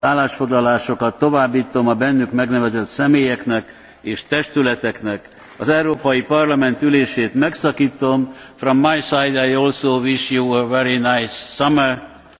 állásfoglalásokat továbbtom a bennük megnevezett személyeknek és testületeknek. az európai parlament ülését megszaktom. from my side i also wish you a very nice summer.